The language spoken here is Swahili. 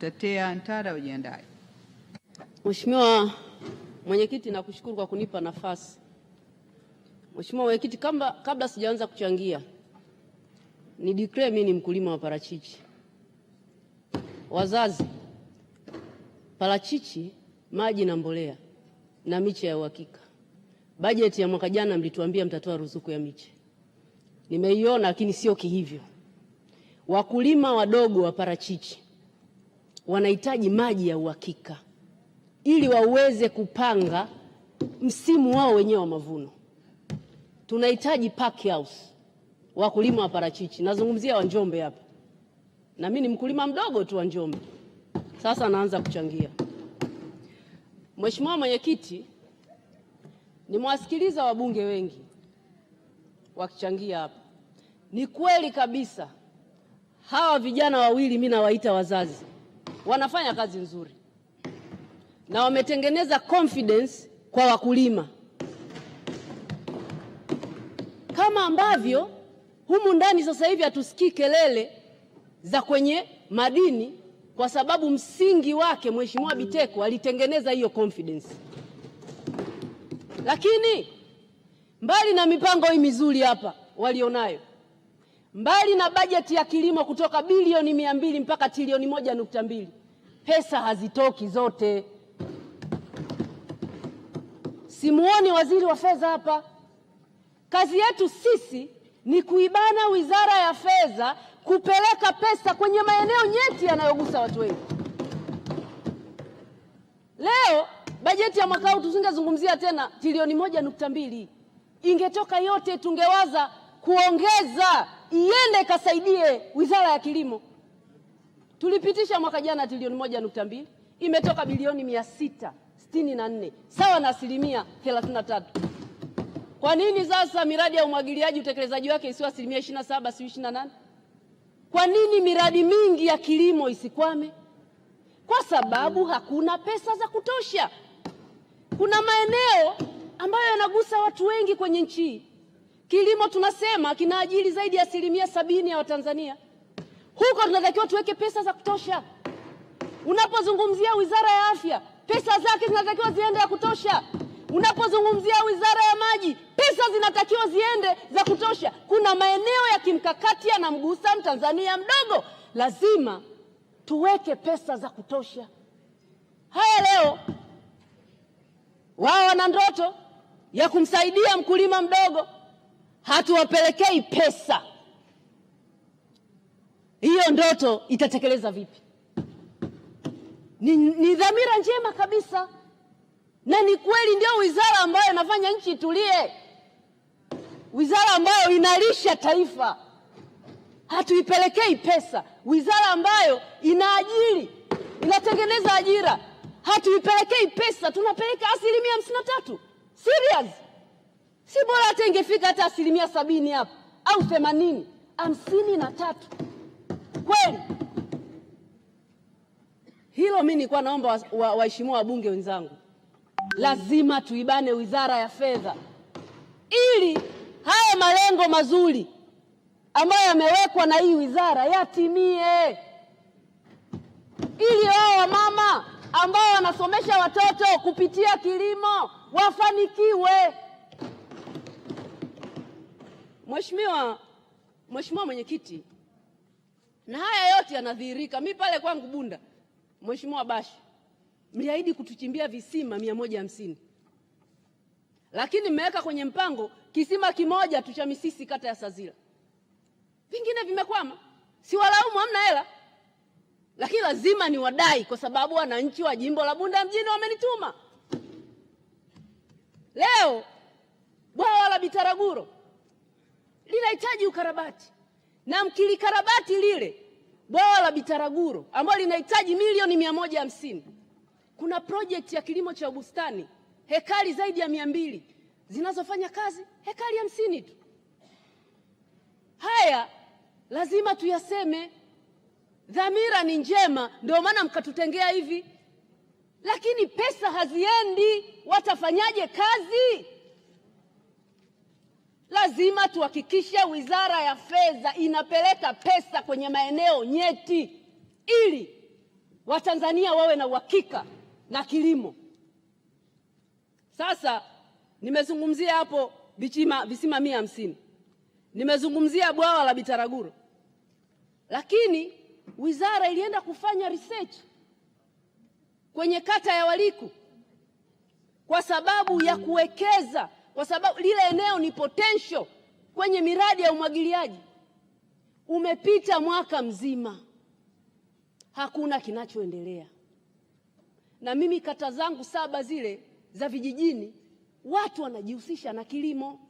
Tatea Ntara ujiandae. Mheshimiwa Mwenyekiti, nakushukuru kwa kunipa nafasi. Mheshimiwa Mwenyekiti, kabla, kabla sijaanza kuchangia ni declare mimi ni mkulima wa parachichi. Wazazi, parachichi, maji na mbolea na miche ya uhakika. Bajeti ya mwaka jana mlituambia mtatoa ruzuku ya miche, nimeiona, lakini sio kihivyo. Wakulima wadogo wa parachichi wanahitaji maji ya uhakika ili waweze kupanga msimu wao wenyewe wa mavuno. Tunahitaji pack house wakulima wa parachichi, nazungumzia wa Njombe hapa, na mimi ni mkulima mdogo tu wa Njombe, sasa naanza kuchangia. Mheshimiwa Mwenyekiti, nimewasikiliza wabunge wengi wakichangia hapa. Ni kweli kabisa, hawa vijana wawili mimi nawaita wazazi wanafanya kazi nzuri na wametengeneza confidence kwa wakulima, kama ambavyo humu ndani sasa hivi hatusikii kelele za kwenye madini, kwa sababu msingi wake Mheshimiwa Biteko alitengeneza hiyo confidence. Lakini mbali na mipango hii mizuri hapa walionayo, mbali na bajeti ya kilimo kutoka bilioni mia mbili mpaka trilioni moja nukta mbili pesa hazitoki zote. Simuoni waziri wa fedha hapa. Kazi yetu sisi ni kuibana wizara ya fedha kupeleka pesa kwenye maeneo nyeti yanayogusa watu wengi. Leo bajeti ya mwaka huu tusingezungumzia tena trilioni moja nukta mbili, ingetoka yote tungewaza kuongeza iende ikasaidie wizara ya kilimo. Tulipitisha mwaka jana trilioni moja nukta mbili imetoka bilioni mia sita sitini na nne sawa na asilimia thelathini na tatu. Kwa nini sasa miradi ya umwagiliaji utekelezaji wake isiwe asilimia ishirini na saba si ishirini na nane? Kwa nini miradi mingi ya kilimo isikwame? Kwa sababu hakuna pesa za kutosha. Kuna maeneo ambayo yanagusa watu wengi kwenye nchi. Kilimo tunasema kina zaidi ya asilimia sabini ya Watanzania huko tunatakiwa tuweke pesa za kutosha. Unapozungumzia wizara ya afya, pesa zake zinatakiwa ziende ya kutosha. Unapozungumzia wizara ya maji, pesa zinatakiwa ziende za kutosha. Kuna maeneo ya kimkakati yanamgusa mtanzania mdogo, lazima tuweke pesa za kutosha. Haya, leo wao wana ndoto ya kumsaidia mkulima mdogo, hatuwapelekei pesa hiyo ndoto itatekeleza vipi? Ni, ni dhamira njema kabisa na ni kweli, ndio wizara ambayo inafanya nchi itulie, wizara ambayo inalisha taifa, hatuipelekei pesa, wizara ambayo inaajiri, inatengeneza ajira, hatuipelekei pesa, tunapeleka asilimia hamsini na tatu. Serious, si bora hata ingefika hata asilimia sabini hapo au themanini, hamsini na tatu kweli. Hilo mimi nilikuwa naomba waheshimiwa wa, wabunge wenzangu, lazima tuibane wizara ya fedha ili haya malengo mazuri ambayo yamewekwa na hii wizara yatimie, ili wao wamama ambao wanasomesha watoto kupitia kilimo wafanikiwe. Mheshimiwa, Mheshimiwa Mwenyekiti na haya yote yanadhihirika. Mi pale kwangu Bunda, Mheshimiwa Bashe, mliahidi kutuchimbia visima mia moja hamsini lakini mmeweka kwenye mpango kisima kimoja tu cha Misisi kata ya Sazila, vingine vimekwama. Siwalaumu, hamna hela, lakini lazima ni wadai kwa sababu wananchi wa jimbo la Bunda mjini wamenituma. Leo bwawa la Bitaraguro linahitaji ukarabati na mkilikarabati lile bwawa la Bitaraguro ambalo linahitaji milioni mia moja hamsini kuna project ya kilimo cha bustani hekari zaidi ya mia mbili zinazofanya kazi hekari hamsini tu. Haya lazima tuyaseme, dhamira ni njema, ndio maana mkatutengea hivi, lakini pesa haziendi, watafanyaje kazi? lazima tuhakikishe Wizara ya Fedha inapeleka pesa kwenye maeneo nyeti ili Watanzania wawe na uhakika na kilimo. Sasa nimezungumzia hapo bichima, visima mia hamsini, nimezungumzia bwawa la Bitaraguro, lakini wizara ilienda kufanya research kwenye kata ya Waliku kwa sababu ya kuwekeza kwa sababu lile eneo ni potential kwenye miradi ya umwagiliaji. Umepita mwaka mzima, hakuna kinachoendelea. Na mimi kata zangu saba zile za vijijini, watu wanajihusisha na kilimo.